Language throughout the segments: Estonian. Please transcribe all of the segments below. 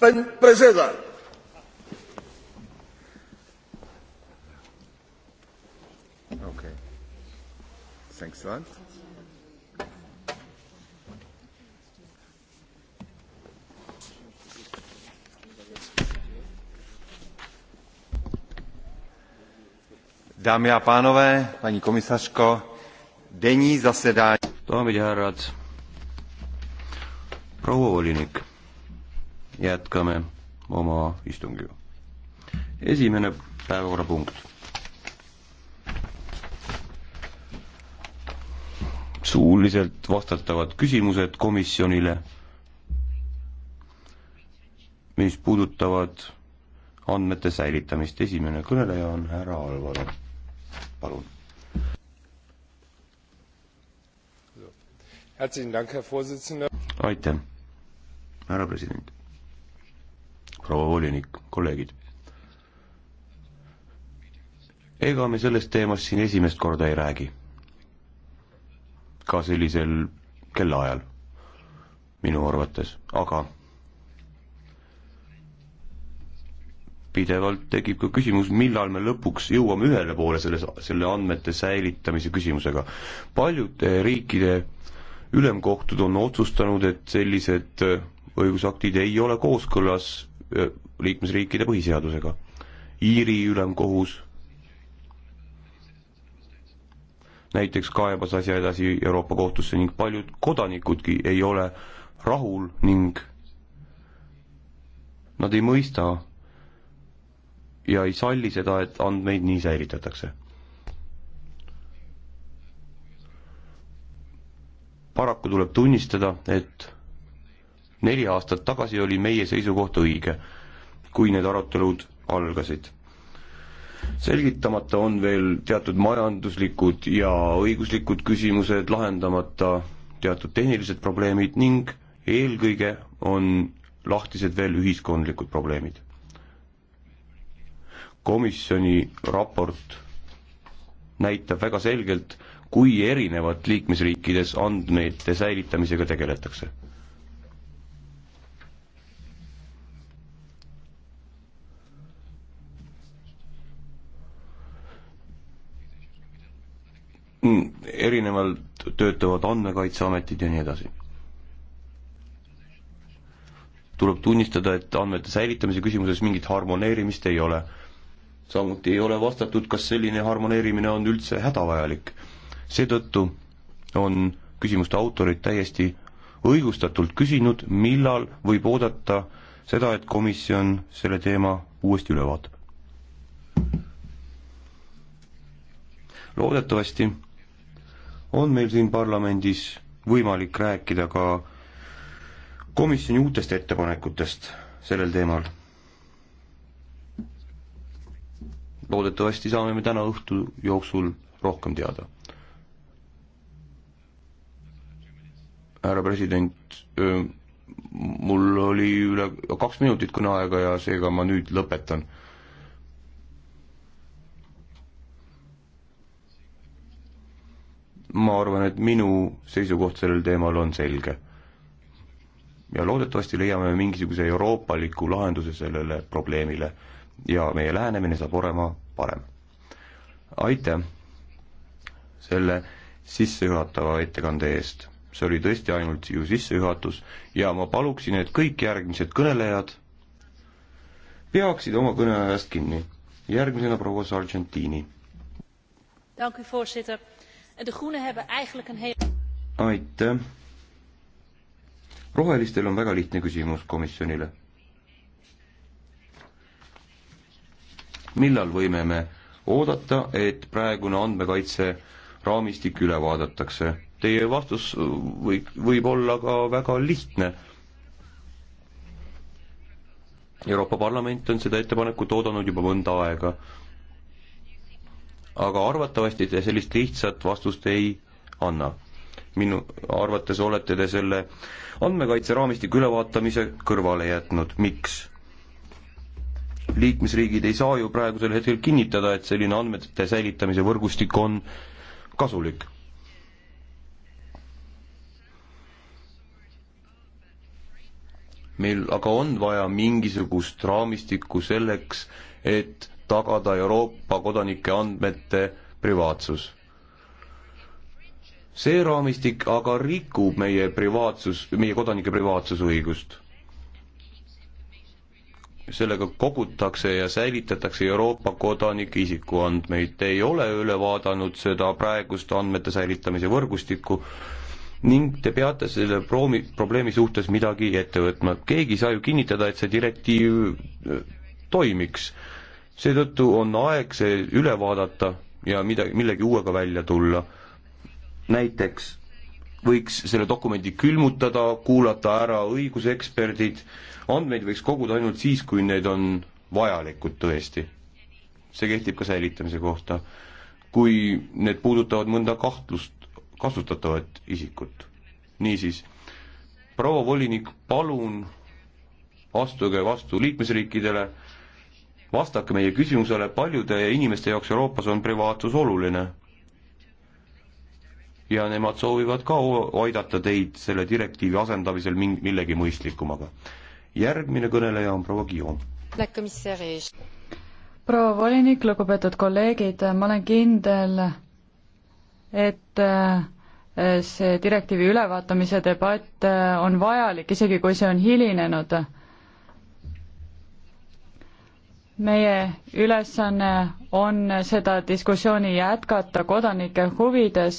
Pan prezydent. Okay. Thanks a lot. Dámy a pánové, paní komisařko, denní zasedání. Daamid ja härrad, proua volinik, jätkame oma istungiga. esimene päevakorrapunkt. suuliselt vastatavad küsimused komisjonile, mis puudutavad andmete säilitamist. esimene kõneleja on härra Alvaro, palun. aitäh, härra president proua volinik, kolleegid. ega me sellest teemast siin esimest korda ei räägi. ka sellisel kellaajal, minu arvates, aga pidevalt tekib ka küsimus, millal me lõpuks jõuame ühele poole selles, selle andmete säilitamise küsimusega. paljude riikide ülemkohtud on otsustanud, et sellised õigusaktid ei ole kooskõlas liikmesriikide põhiseadusega. Iiri ülemkohus näiteks kaebas asja edasi Euroopa kohtusse ning paljud kodanikudki ei ole rahul ning nad ei mõista ja ei salli seda, et andmeid nii säilitatakse. paraku tuleb tunnistada, et neli aastat tagasi oli meie seisukoht õige, kui need arutelud algasid. selgitamata on veel teatud majanduslikud ja õiguslikud küsimused, lahendamata teatud tehnilised probleemid ning eelkõige on lahtised veel ühiskondlikud probleemid. komisjoni raport näitab väga selgelt, kui erinevat liikmesriikides andmete säilitamisega tegeletakse Mm, erinevalt töötavad andmekaitseametid ja nii edasi. tuleb tunnistada, et andmete säilitamise küsimuses mingit harmoneerimist ei ole. samuti ei ole vastatud, kas selline harmoneerimine on üldse hädavajalik. seetõttu on küsimuste autorid täiesti õigustatult küsinud, millal võib oodata seda, et komisjon selle teema uuesti üle vaatab. loodetavasti on meil siin parlamendis võimalik rääkida ka komisjoni uutest ettepanekutest sellel teemal. loodetavasti saame me täna õhtu jooksul rohkem teada. härra president, mul oli üle kaks minutit kõneaega ja seega ma nüüd lõpetan ma arvan, et minu seisukoht sellel teemal on selge. ja loodetavasti leiame mingisuguse euroopaliku lahenduse sellele probleemile ja meie lähenemine saab olema parem. aitäh selle sissejuhatava ettekande eest. see oli tõesti ainult ju sissejuhatus ja ma paluksin, et kõik järgmised kõnelejad peaksid oma kõneajast kinni. järgmisena proua Sargentini. tänan, voorzitter En de groenen hebben eigenlijk een heel... aitäh. rohelistel on väga lihtne küsimus komisjonile. millal võime me oodata, et praegune andmekaitse raamistik üle vaadatakse? Teie vastus või, võib olla ka väga lihtne. Euroopa Parlament on seda ettepanekut oodanud juba mõnda aega aga arvatavasti te sellist lihtsat vastust ei anna. minu arvates olete te selle andmekaitseraamistiku ülevaatamise kõrvale jätnud, miks? liikmesriigid ei saa ju praegusel hetkel kinnitada, et selline andmete säilitamise võrgustik on kasulik meil aga on vaja mingisugust raamistikku selleks, et tagada Euroopa kodanike andmete privaatsus. see raamistik aga rikub meie privaatsus, meie kodanike privaatsusõigust. sellega kogutakse ja säilitatakse Euroopa kodanike isikuandmeid, ei ole üle vaadanud seda praegust andmete säilitamise võrgustikku ning te peate selle proomi, probleemi suhtes midagi ette võtma. keegi ei saa ju kinnitada, et see direktiiv äh, toimiks seetõttu on aeg see üle vaadata ja midagi, millegi uuega välja tulla. näiteks võiks selle dokumendi külmutada, kuulata ära õiguseksperdid, andmeid võiks koguda ainult siis, kui need on vajalikud tõesti. see kehtib ka säilitamise kohta. kui need puudutavad mõnda kahtlust, kasutatavat isikut. niisiis, proua volinik, palun astuge vastu liikmesriikidele, vastake meie küsimusele, paljude inimeste jaoks Euroopas on privaatsus oluline. ja nemad soovivad ka aidata teid selle direktiivi asendamisel ming-, millegi mõistlikumaga. järgmine kõneleja on proua Guillaume. proua volinik, lugupeetud kolleegid, ma olen kindel, et eh, see direktiivi ülevaatamise debatt eh, on vajalik, isegi kui see on hilinenud meie ülesanne on seda diskussiooni jätkata kodanike huvides,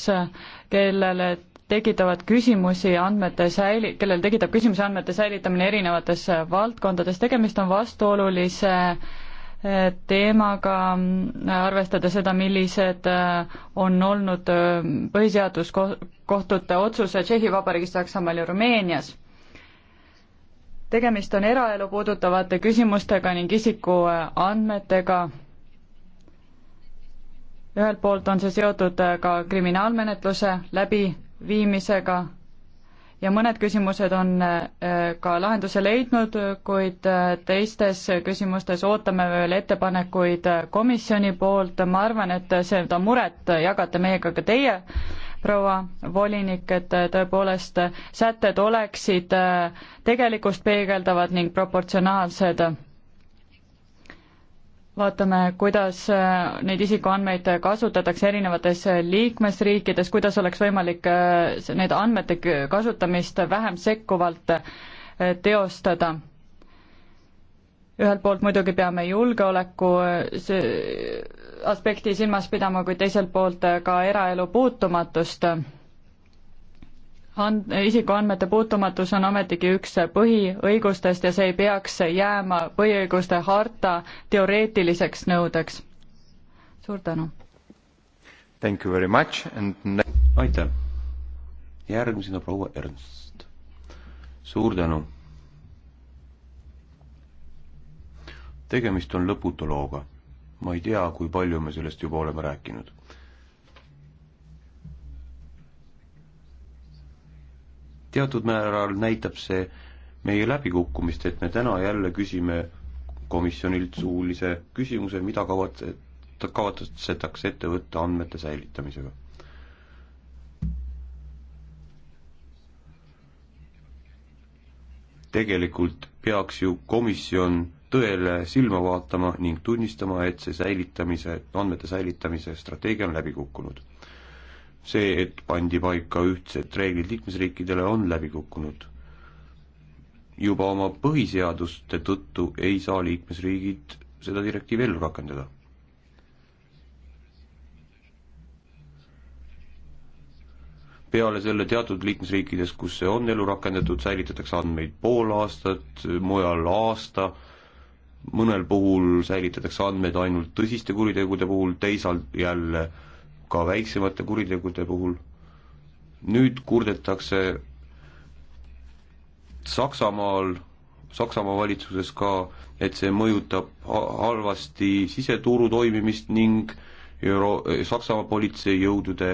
kellele tekitavad küsimusi andmete säili-, kellel tekitab küsimusi andmete säilitamine erinevates valdkondades, tegemist on vastuolulise eh, teemaga, arvestades seda, millised eh, on olnud eh, põhiseaduskohtute otsused Tšehhi Vabariigis, Saksamaal ja Rumeenias tegemist on eraelu puudutavate küsimustega ning isiku äh, andmetega. ühelt poolt on see seotud äh, ka kriminaalmenetluse läbiviimisega ja mõned küsimused on äh, ka lahenduse leidnud, kuid teistes küsimustes ootame veel ettepanekuid komisjoni poolt, ma arvan, et seda muret jagate meiega ka teie proua volinik, et äh, tõepoolest äh, sätted oleksid äh, tegelikkust peegeldavad ning proportsionaalsed. vaatame, kuidas neid isikuandmeid kasutatakse erinevates liikmesriikides, kuidas oleks võimalik need andmete kasutamist vähem sekkuvalt teostada ühelt poolt muidugi peame julgeoleku see aspekti silmas pidama, kui teiselt poolt ka eraelu puutumatust. And-, isikuandmete puutumatus on ometigi üks põhiõigustest ja see ei peaks jääma põhiõiguste harta teoreetiliseks nõudeks. suur tänu! Thank you very much and aitäh! järgmisena proua Ernst. suur tänu! tegemist on lõputu looga ma ei tea, kui palju me sellest juba oleme rääkinud. teatud määral näitab see meie läbikukkumist, et me täna jälle küsime komisjonilt suulise küsimuse, mida kavatse-, kavatsetakse ette võtta andmete säilitamisega. tegelikult peaks ju komisjon tõele silma vaatama ning tunnistama, et see säilitamise, andmete säilitamise strateegia on läbi kukkunud. see, et pandi paika ühtsed reeglid liikmesriikidele, on läbi kukkunud. juba oma põhiseaduste tõttu ei saa liikmesriigid seda direktiivi ellu rakendada. peale selle teatud liikmesriikides, kus see on ellu rakendatud, säilitatakse andmeid pool aastat, mujal aasta mõnel puhul säilitatakse andmeid ainult tõsiste kuritegude puhul, teisalt jälle ka väiksemate kuritegude puhul. nüüd kurdetakse Saksamaal, Saksamaa valitsuses ka, et see mõjutab halvasti siseturu toimimist ning Euro-, Saksamaa politseijõudude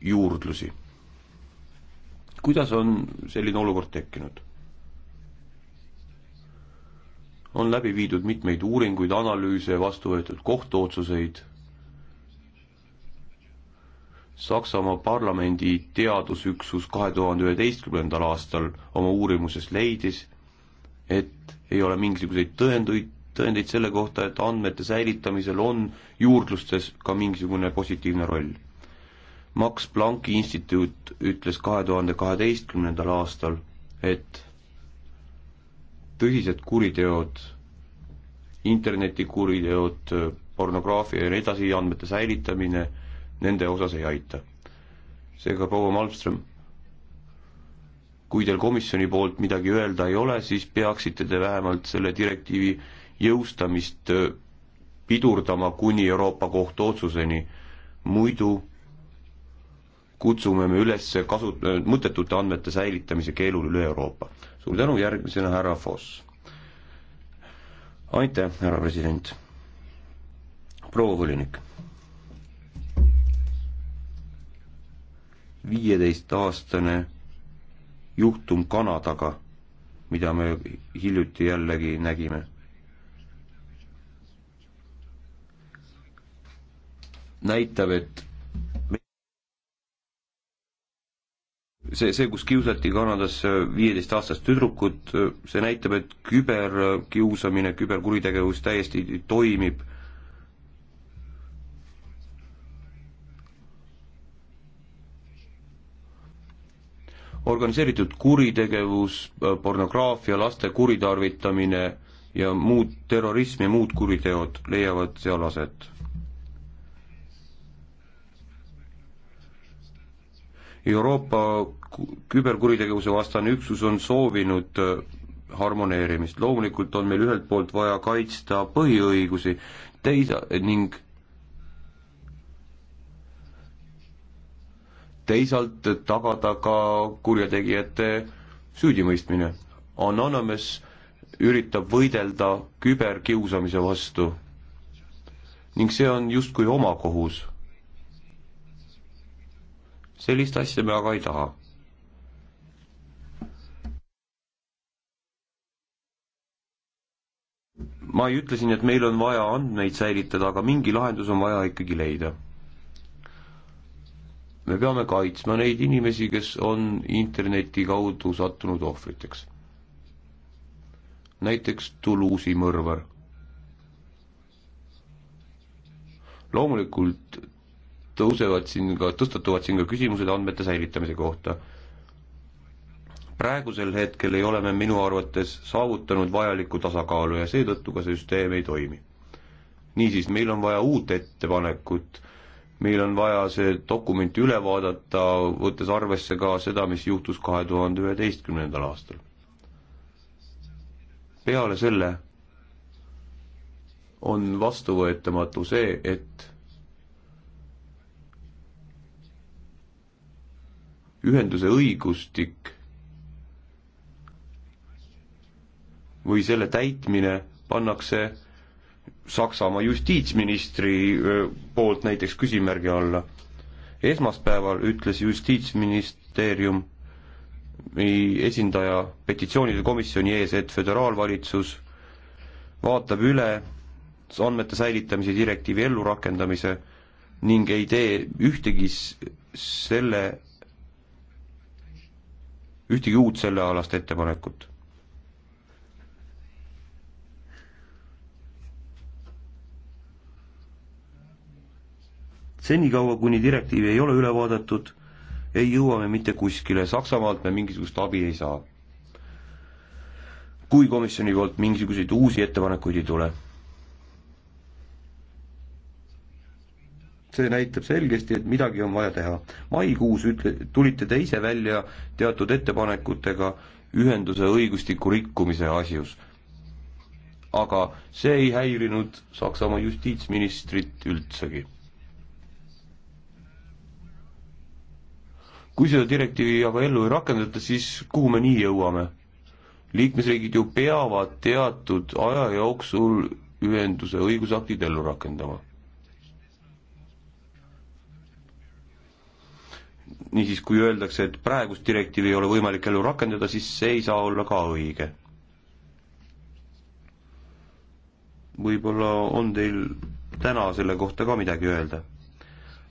juurdlusi. kuidas on selline olukord tekkinud? on läbi viidud mitmeid uuringuid, analüüse, vastu võetud kohtuotsuseid. Saksamaa parlamendi teadusüksus kahe tuhande üheteistkümnendal aastal oma uurimuses leidis, et ei ole mingisuguseid tõenduid, tõendeid selle kohta, et andmete säilitamisel on juurdlustes ka mingisugune positiivne roll. Max Plancki instituut ütles kahe tuhande kaheteistkümnendal aastal, et tõsised kuriteod, internetikuriteod, pornograafia ja nii edasi, andmete säilitamine, nende osas ei aita. seega proua Malmström, kui teil komisjoni poolt midagi öelda ei ole, siis peaksite te vähemalt selle direktiivi jõustamist äh, pidurdama kuni Euroopa Kohtu otsuseni, muidu kutsume me üles kasu-, äh, mõttetute andmete säilitamise keelul üle Euroopa suur tänu, järgmisena härra Foss. aitäh, härra president. proua volinik. viieteistaastane juhtum Kanadaga, mida me hiljuti jällegi nägime näitab, et see, see, kus kiusati Kanadas viieteistaastast tüdrukut, see näitab, et küberkiusamine, küberkuritegevus täiesti toimib. organiseeritud kuritegevus, pornograafia, laste kuritarvitamine ja muud terrorism ja muud kuriteod leiavad seal aset Euroopa küberkuritegevuse vastane üksus on soovinud äh, harmoneerimist, loomulikult on meil ühelt poolt vaja kaitsta põhiõigusi, teisa- ning teisalt tagada ka kurjategijate süüdimõistmine. Anonymous üritab võidelda küberkiusamise vastu ning see on justkui oma kohus. sellist asja me aga ei taha ma ju ütlesin, et meil on vaja andmeid säilitada, aga mingi lahendus on vaja ikkagi leida. me peame kaitsma neid inimesi, kes on interneti kaudu sattunud ohvriteks. näiteks Tuluusi mõrvar. loomulikult tõusevad siin ka, tõstatuvad siin ka küsimused andmete säilitamise kohta praegusel hetkel ei ole me minu arvates saavutanud vajalikku tasakaalu ja seetõttu ka süsteem ei toimi. niisiis, meil on vaja uut ettepanekut, meil on vaja see dokument üle vaadata, võttes arvesse ka seda, mis juhtus kahe tuhande üheteistkümnendal aastal. peale selle on vastuvõetamatu see, et ühenduse õigustik või selle täitmine pannakse Saksamaa justiitsministri poolt näiteks küsimärgi alla. esmaspäeval ütles justiitsministeerium esindaja petitsioonide komisjoni ees, et föderaalvalitsus vaatab üle andmete säilitamise direktiivi ellurakendamise ning ei tee ühtegi selle, ühtegi uut sellealast ettepanekut senikaua, kuni direktiivi ei ole üle vaadatud, ei jõua me mitte kuskile, Saksamaalt me mingisugust abi ei saa. kui komisjoni poolt mingisuguseid uusi ettepanekuid ei tule. see näitab selgesti, et midagi on vaja teha. maikuus ütle, tulite te ise välja teatud ettepanekutega ühenduse õigustiku rikkumise asjus aga see ei häirinud Saksamaa justiitsministrit üldsegi kui seda direktiivi aga ellu ei rakendata, siis kuhu me nii jõuame? liikmesriigid ju peavad teatud aja jooksul ühenduse õigusaktid ellu rakendama. niisiis, kui öeldakse, et praegust direktiivi ei ole võimalik ellu rakendada, siis see ei saa olla ka õige. võib-olla on teil täna selle kohta ka midagi öelda?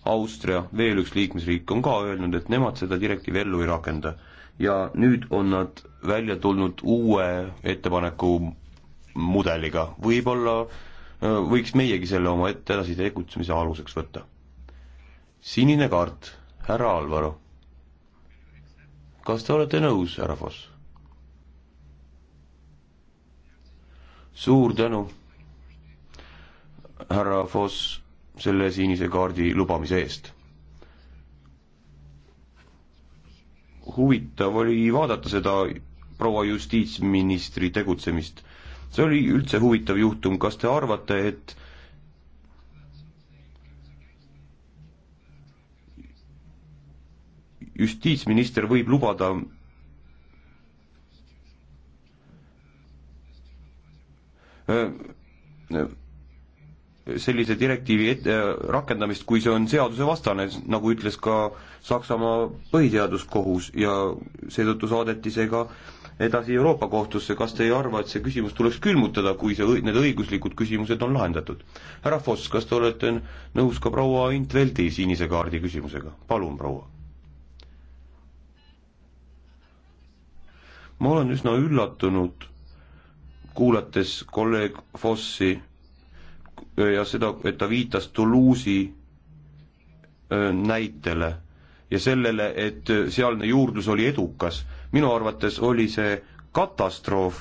Austria, veel üks liikmesriik on ka öelnud, et nemad seda direktiivi ellu ei rakenda. ja nüüd on nad välja tulnud uue ettepaneku mudeliga, võib-olla äh, võiks meiegi selle oma ette edasi tegutsemise aluseks võtta. sinine kaart, härra Alvaro. kas te olete nõus, härra Foss? suur tänu, härra Foss selle sinise kaardi lubamise eest. huvitav oli vaadata seda proua justiitsministri tegutsemist. see oli üldse huvitav juhtum, kas te arvate, et justiitsminister võib lubada sellise direktiivi et-, äh, rakendamist, kui see on seadusevastane, nagu ütles ka Saksamaa põhiseaduskohus ja seetõttu saadeti see ka edasi Euroopa kohtusse, kas te ei arva, et see küsimus tuleks külmutada, kui see, need õiguslikud küsimused on lahendatud? härra Foss, kas te olete nõus ka proua Intveldi sinise kaardi küsimusega? palun, proua. ma olen üsna üllatunud, kuulates kolleeg Fossi ja seda, et ta viitas Toulouse'i näitele ja sellele, et sealne juurdlus oli edukas. minu arvates oli see katastroof.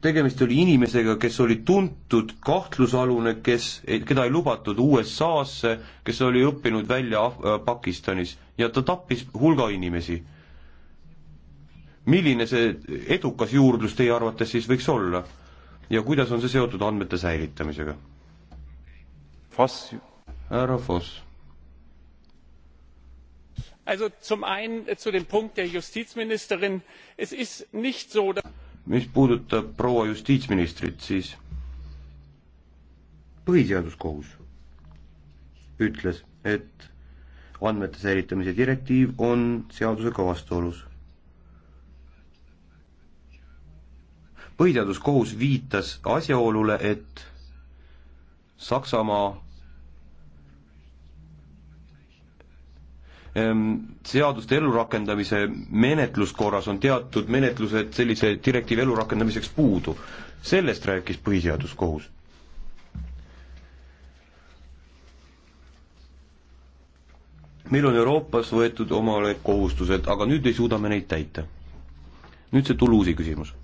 tegemist oli inimesega, kes oli tuntud kahtlusalune, kes, keda ei lubatud USA-sse, kes oli õppinud välja Pakistanis ja ta tappis hulga inimesi. milline see edukas juurdlus teie arvates siis võiks olla? ja kuidas on see seotud andmete säilitamisega? Voss. härra Voss. Also zum einen äh, zu dem Punkt der Justizministerin. Es ist nicht so, dass mis puudutab proua justiitsministrit, siis põhiseaduskohus ütles, et andmete säilitamise direktiiv on seadusega vastuolus. põhiseaduskohus viitas asjaolule, et Saksamaa Ehm, seaduste elurakendamise menetluskorras on teatud menetlused sellise direktiivi elurakendamiseks puudu. sellest rääkis Põhiseaduskohus. meil on Euroopas võetud omale kohustused, aga nüüd ei suuda me neid täita. nüüd see Tuluusi küsimus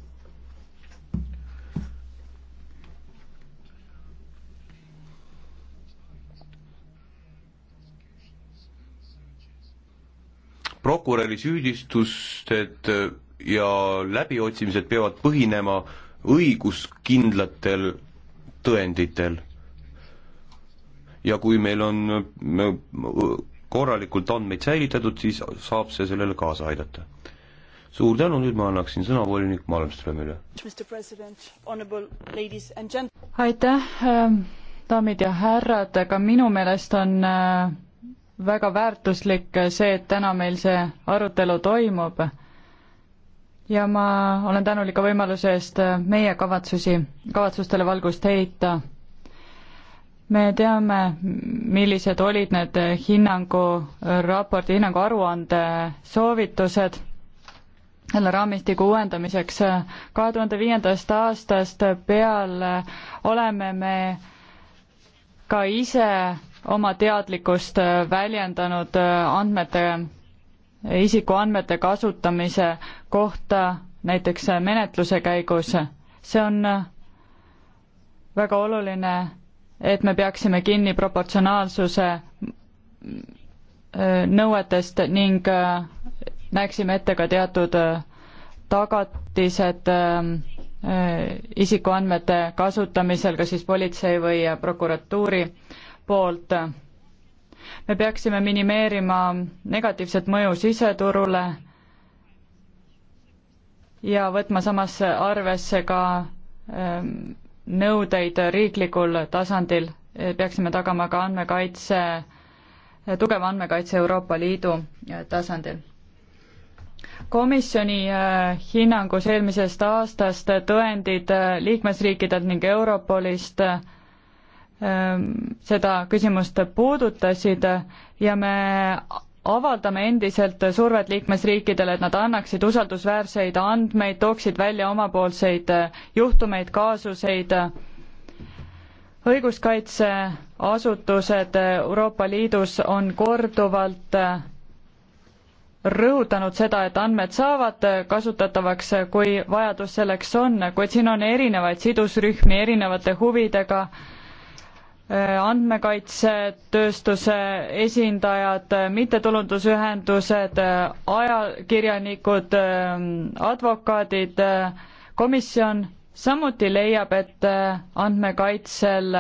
prokuröri süüdistused ja läbiotsimised peavad põhinema õiguskindlatel tõenditel. ja kui meil on korralikult andmeid säilitatud, siis saab see sellele kaasa aidata. suur tänu, nüüd ma annaksin sõna volinik Malmströmile. aitäh, ähm, daamid ja härrad, ka minu meelest on äh, väga väärtuslik see, et täna meil see arutelu toimub. ja ma olen tänulik ka võimaluse eest meie kavatsusi, kavatsustele valgust heita. me teame, millised olid need hinnangu, raporti hinnangu aruande soovitused selle raamistiku uuendamiseks. kahe tuhande viiendast aastast peale oleme me ka ise oma teadlikkust äh, väljendanud äh, andmete, isikuandmete kasutamise kohta näiteks äh, menetluse käigus. see on väga oluline, et me peaksime kinni proportsionaalsuse nõuetest ning näeksime ette ka teatud tagatised isikuandmete kasutamisel, kas siis politsei või prokuratuuri poolt. me peaksime minimeerima negatiivset mõju siseturule ja võtma samas arvesse ka ähm, nõudeid riiklikul tasandil, peaksime tagama ka andmekaitse, tugeva andmekaitse Euroopa Liidu äh, tasandil komisjoni äh, hinnangus eelmisest aastast äh, tõendid liikmesriikidelt ning Europolist Ehm, seda küsimust puudutasid ja me avaldame endiselt survet liikmesriikidele, et nad annaksid usaldusväärseid andmeid, tooksid välja omapoolseid juhtumeid, kaasuseid, õiguskaitseasutused Euroopa Liidus on korduvalt rõhutanud seda, et andmed saavad kasutatavaks, kui vajadus selleks on, kuid siin on erinevaid sidusrühmi erinevate huvidega äh, andmekaitsetööstuse esindajad, mittetulundusühendused, ajakirjanikud, advokaadid, komisjon samuti leiab, et andmekaitsel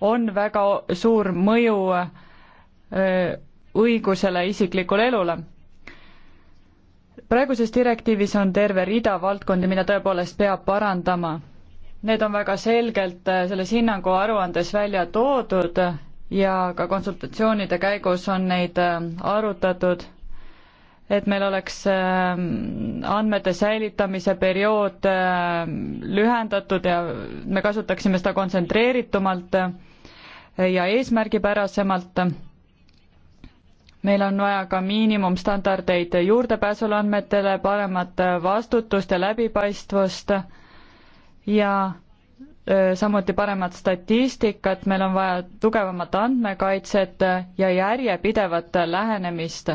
on väga suur mõju äh, õigusele isiklikule elule. praeguses direktiivis on terve rida valdkondi, mida tõepoolest peab parandama Need on väga selgelt äh, selles hinnangu aruandes välja toodud ja ka konsultatsioonide käigus on neid äh, arutatud, et meil oleks ähm, andmete säilitamise periood ähm, lühendatud ja me kasutaksime seda kontsentreeritumalt ja eesmärgipärasemalt. meil on vaja ka miinimumstandardeid juurdepääsule andmetele, paremat äh, vastutust ja läbipaistvust ja samuti paremat statistikat, meil on vaja tugevamat andmekaitset ja järjepidevat lähenemist.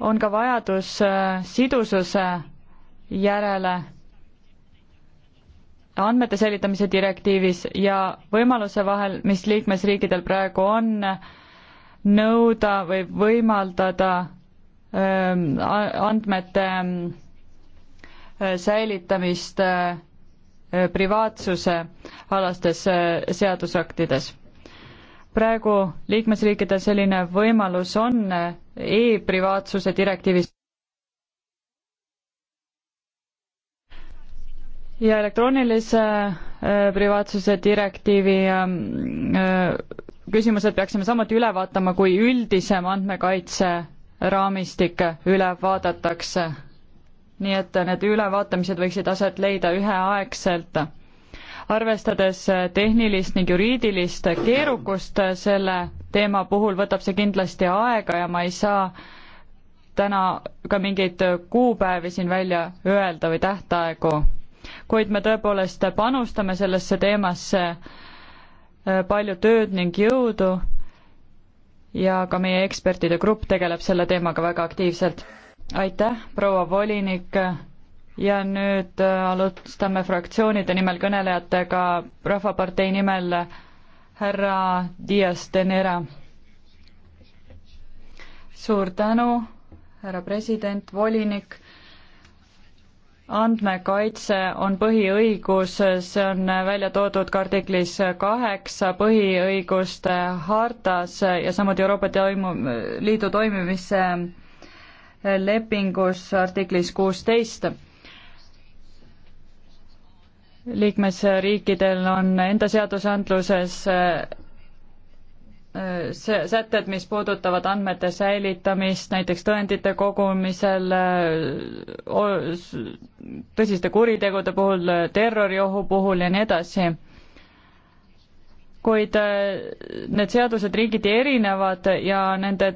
on ka vajadus sidususe järele andmete säilitamise direktiivis ja võimaluse vahel, mis liikmesriikidel praegu on, nõuda või võimaldada andmete Äh, säilitamist äh, äh, privaatsuse alastes seadusaktides. praegu liikmesriikidel selline võimalus on e-privaatsuse direktiivis ja elektroonilise privaatsuse direktiivi ähm, küsimused peaksime samuti üle vaatama, kui üldisem andmekaitse raamistik üle vaadatakse nii et need ülevaatamised võiksid aset leida üheaegselt. arvestades tehnilist ning juriidilist keerukust selle teema puhul, võtab see kindlasti aega ja ma ei saa täna ka mingeid kuupäevi siin välja öelda või tähtaegu. kuid me tõepoolest panustame sellesse teemasse äh, palju tööd ning jõudu ja ka meie ekspertide grupp tegeleb selle teemaga väga aktiivselt aitäh, proua volinik ja nüüd äh, alustame fraktsioonide nimel kõnelejatega, Rahvapartei nimel härra Dias de Nera. suur tänu, härra president, volinik, andmekaitse on põhiõigus, see on välja toodud ka artiklis kaheksa põhiõiguste hartas ja samuti Euroopa toimu-, Liidu toimimise lepingus artiklis kuusteist. liikmesriikidel on enda seadusandluses äh, see sätted, mis puudutavad andmete säilitamist näiteks tõendite kogumisel, äh, tõsiste kuritegude puhul, terroriohu puhul ja nii edasi. kuid äh, need seadused riigiti erinevad ja nende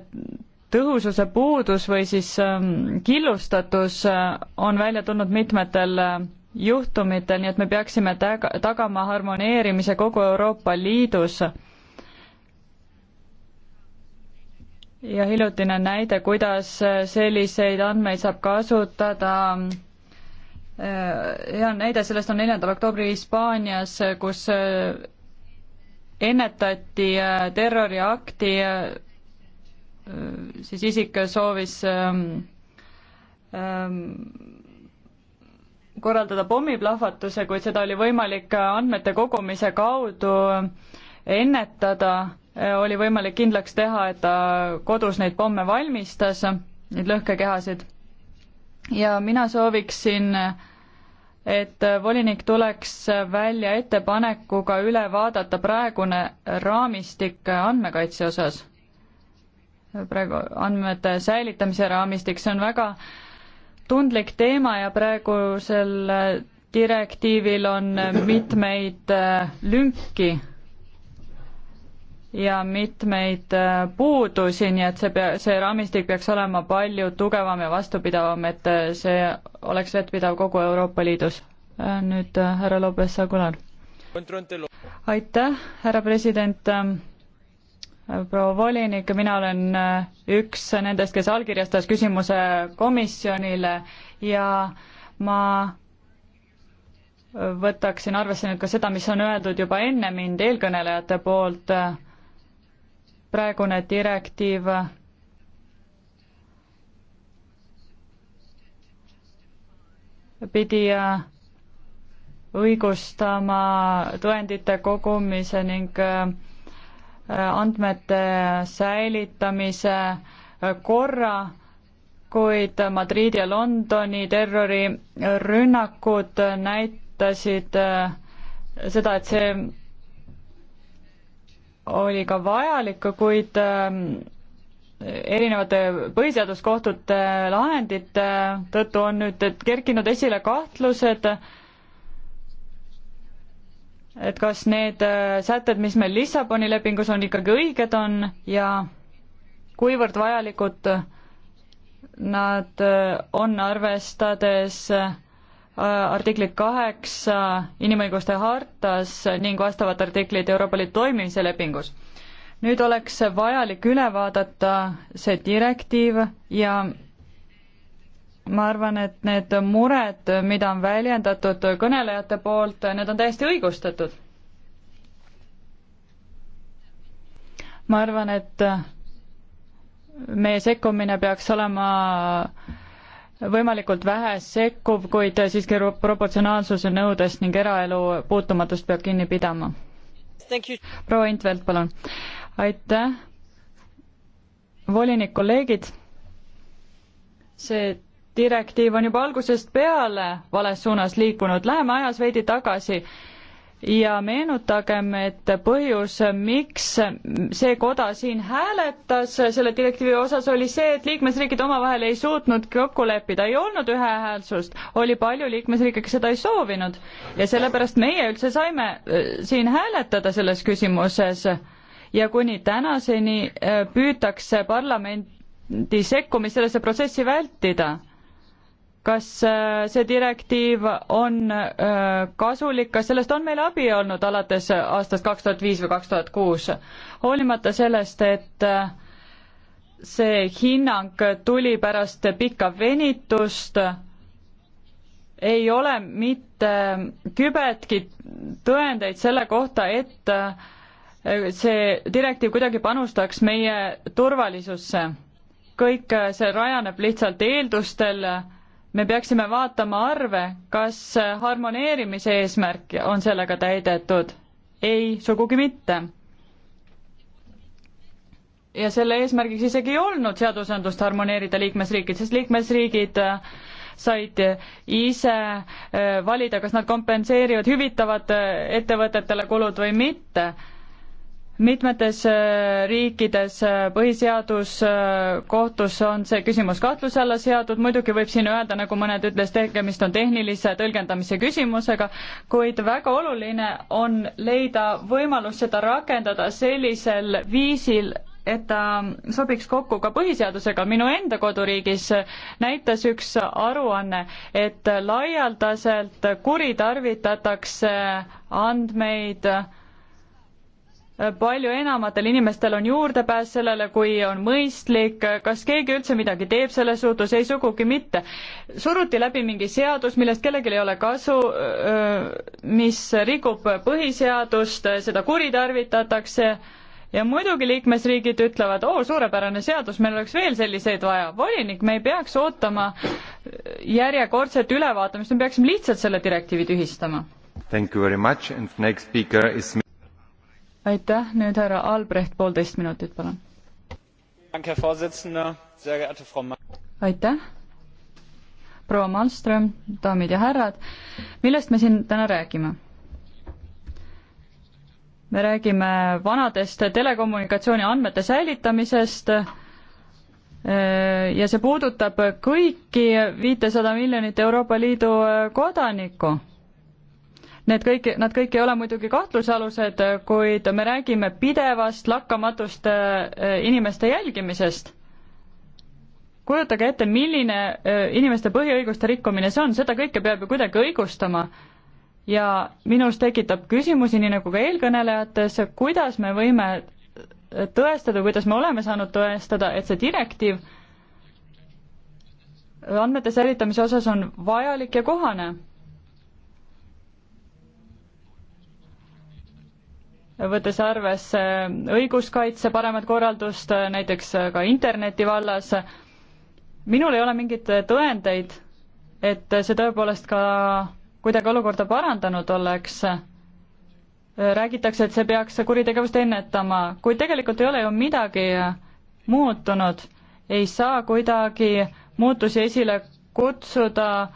tõhususe puudus või siis ähm, killustatus äh, on välja tulnud mitmetel äh, juhtumitel, nii et me peaksime taga, tagama harmoneerimise kogu Euroopa Liidus. ja hiljutine näide, kuidas äh, selliseid andmeid saab kasutada hea näide sellest on neljandal oktoobril Hispaanias, kus ennetati terroriakti Äh, siis isik soovis ähm, ähm, korraldada pommiplahvatuse, kuid seda oli võimalik äh, andmete kogumise kaudu äh, ennetada, oli võimalik kindlaks teha, et ta kodus neid pomme valmistas, neid lõhkekehasid. ja mina sooviksin, et volinik tuleks välja ettepanekuga üle vaadata praegune raamistik andmekaitse osas praegu andmete säilitamise raamistik, see on väga tundlik teema ja praegusel direktiivil on mitmeid äh, lünki ja mitmeid äh, puudusi, nii et see pea, see raamistik peaks olema palju tugevam ja vastupidavam, et äh, see oleks vettpidav kogu Euroopa Liidus. nüüd härra Lopez Aguilar. aitäh, härra president ähm, proua volinik, mina olen äh, üks nendest, kes allkirjastas küsimuse komisjonile ja ma võtaksin arvesse nüüd ka seda, mis on öeldud juba enne mind eelkõnelejate poolt, praegune direktiiv pidi äh, õigustama tõendite kogumise ning äh, andmete säilitamise korra, kuid Madridi ja Londoni terrorirünnakud näitasid äh, seda, et see oli ka vajalik, kuid äh, erinevate põhiseaduskohtute lahendite tõttu on nüüd kerkinud esile kahtlused, et kas need äh, sätted, mis meil Lissaboni lepingus on, ikkagi õiged on ja kuivõrd vajalikud nad äh, on, arvestades äh, artiklit kaheksa inimõiguste hartas ning vastavat artiklit Euroopa Liidu toimimise lepingus. nüüd oleks vajalik üle vaadata see direktiiv ja ma arvan, et need mured, mida on väljendatud kõnelejate poolt, need on täiesti õigustatud. ma arvan, et meie sekkumine peaks olema võimalikult vähe sekkuv, kuid siiski proportsionaalsuse nõudest ning eraelu puutumatust peab kinni pidama. proua Intvelt, palun. aitäh. volinik, kolleegid, see direktiiv on juba algusest peale vales suunas liikunud, läheme ajas veidi tagasi ja meenutagem, et põhjus, miks see koda siin hääletas selle direktiivi osas, oli see, et liikmesriigid omavahel ei suutnud kokku leppida, ei olnud ühehäälsust, oli palju liikmesriike, kes seda ei soovinud ja sellepärast meie üldse saime äh, siin hääletada selles küsimuses ja kuni tänaseni äh, püütakse parlamendi sekkumist sellesse protsessi vältida kas äh, see direktiiv on äh, kasulik, kas sellest on meil abi olnud alates äh, aastast kaks tuhat viis või kaks tuhat kuus? hoolimata sellest, et see hinnang tuli pärast pikka venitust, ei ole mitte kübetki tõendeid selle kohta, et see direktiiv kuidagi panustaks meie turvalisusse. kõik see rajaneb lihtsalt eeldustel me peaksime vaatama arve, kas harmoneerimise eesmärk on sellega täidetud. ei, sugugi mitte. ja selle eesmärgiks isegi ei olnud seadusandlust harmoneerida liikmesriigid, sest liikmesriigid äh, said ise äh, valida, kas nad kompenseerivad, hüvitavad äh, ettevõtetele kulud või mitte mitmetes äh, riikides äh, põhiseaduskohtus on see küsimus kahtluse alla seatud, muidugi võib siin öelda, nagu mõned ütles, tegemist on tehnilise tõlgendamise küsimusega, kuid väga oluline on leida võimalus seda rakendada sellisel viisil, et ta sobiks kokku ka põhiseadusega. minu enda koduriigis näitas üks aruanne, et laialdaselt kuritarvitatakse andmeid äh, palju enamatel inimestel on juurdepääs sellele, kui on mõistlik, kas keegi üldse midagi teeb selles suhtes, ei sugugi mitte. suruti läbi mingi seadus, millest kellelgi ei ole kasu, mis rikub põhiseadust, seda kuritarvitatakse ja muidugi liikmesriigid ütlevad, oo, suurepärane seadus, meil oleks veel selliseid vaja. volinik, me ei peaks ootama järjekordset ülevaatamist, me peaksime lihtsalt selle direktiivi tühistama. Thank you very much and next speaker is aitäh, nüüd härra Albrecht, poolteist minutit, palun. aitäh, proua Malmström, daamid ja härrad, millest me siin täna räägime? me räägime vanadest telekommunikatsiooni andmete säilitamisest eh, ja see puudutab kõiki viitesada miljonit Euroopa Liidu eh, kodanikku Need kõik, nad kõik ei ole muidugi kahtlusalused, kuid me räägime pidevast lakkamatust äh, inimeste jälgimisest. kujutage ette, milline äh, inimeste põhiõiguste rikkumine see on, seda kõike peab ju kuidagi õigustama. ja minus tekitab küsimusi, nii nagu ka eelkõnelejates, kuidas me võime äh, tõestada, kuidas me oleme saanud tõestada, et see direktiiv andmete säilitamise osas on vajalik ja kohane võttes arvesse õiguskaitse paremat korraldust, näiteks ka interneti vallas. minul ei ole mingeid tõendeid, et see tõepoolest ka kuidagi olukorda parandanud oleks. räägitakse, et see peaks kuritegevust ennetama, kuid tegelikult ei ole ju midagi muutunud. ei saa kuidagi muutusi esile kutsuda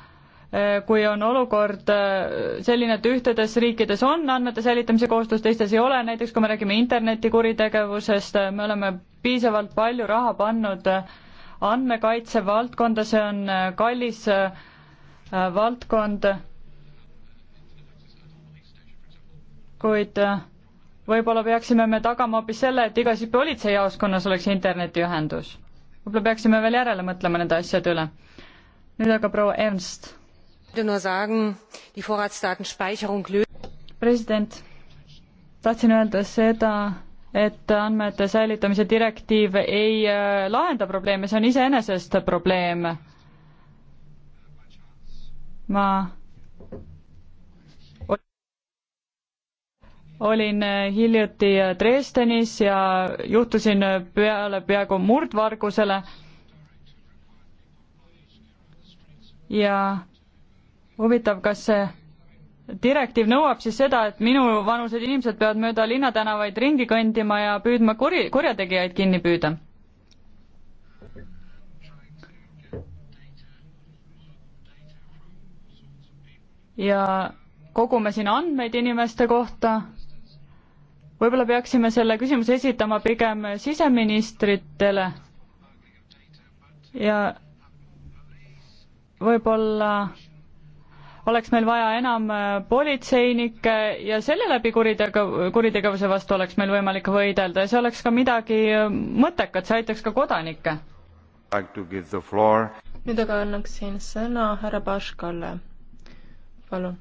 Äh, kui on olukord äh, selline, et ühtedes riikides on andmete säilitamise kohustus, teistes ei ole, näiteks kui me räägime internetikuritegevusest, äh, me oleme piisavalt palju raha pannud andmekaitse valdkonda, see on kallis valdkond, kuid võib-olla peaksime me tagama hoopis selle, et igas politseijaoskonnas oleks internetiühendus. võib-olla peaksime veel järele mõtlema nende asjade üle. nüüd aga proua Ernst president, tahtsin öelda seda, et andmete säilitamise direktiiv ei äh, lahenda probleeme, see on iseenesest probleem. ma olin äh, hiljuti äh, Dresdenis ja juhtusin peale peaaegu murdvargusele ja huvitav, kas see direktiiv nõuab siis seda, et minuvanused inimesed peavad mööda linnatänavaid ringi kõndima ja püüdma kuri, kurjategijaid kinni püüda? ja kogume siin andmeid inimeste kohta. võib-olla peaksime selle küsimuse esitama pigem siseministritele ja võib-olla oleks meil vaja enam äh, politseinikke ja selle läbi kuritegu-, kuritegevuse vastu oleks meil võimalik võidelda ja see oleks ka midagi äh, mõttekat, see aitaks ka kodanikke. nüüd aga annaksin sõna härra Paškale. palun.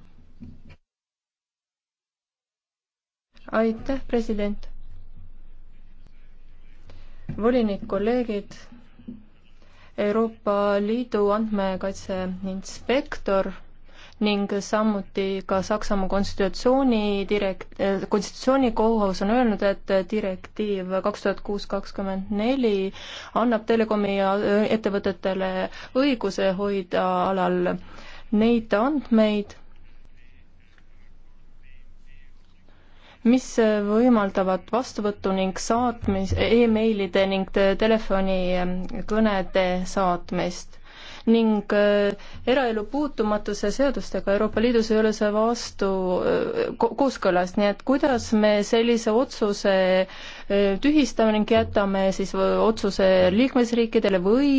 aitäh, president. volinik, kolleegid Euroopa Liidu andmekaitse inspektor ning samuti ka Saksamaa konstitutsiooni direkt-, konstitutsioonikohus on öelnud, et direktiiv kaks tuhat kuus kakskümmend neli annab telekomi ja ettevõtetele õiguse hoida alal neid andmeid, mis võimaldavad vastuvõttu ning saatmis e, emailide ning telefonikõnede saatmist ning äh, eraelu puutumatuse seadustega Euroopa Liidus ei ole see vastu äh, kooskõlas, nii et kuidas me sellise otsuse äh, tühistame ning jätame siis otsuse liikmesriikidele või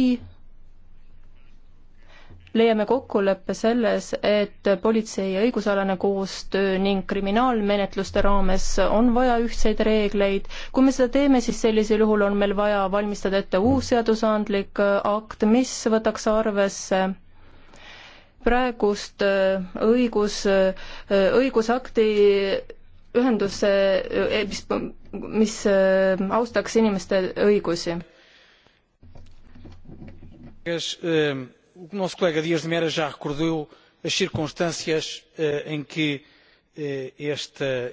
leiame kokkuleppe selles, et politsei ja õigusalane koostöö ning kriminaalmenetluste raames on vaja ühtseid reegleid. kui me seda teeme, siis sellisel juhul on meil vaja valmistada ette uus seadusandlik akt, mis võtaks arvesse praegust äh, õigus, äh, õigusakti ühenduse, äh, mis, mis austaks inimeste õigusi. kes ähm um, o nosso colega Dias de Mera já recordou as circunstâncias eh, em que eh, esta,